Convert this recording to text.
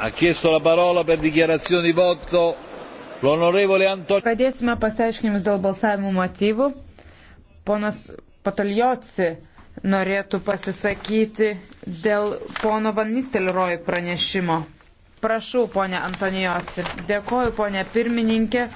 Ha chiesto la parola per dichiarazione di voto l'onorevole Antonio. Pradėsime pasiaiškinimus dėl balsavimo motyvų. Ponas Patoljoci norėtų pasisakyti dėl pono Van Nistelrooy pranešimo. Prašau, ponė Antonijosi. Dėkoju, ponė pirmininkė.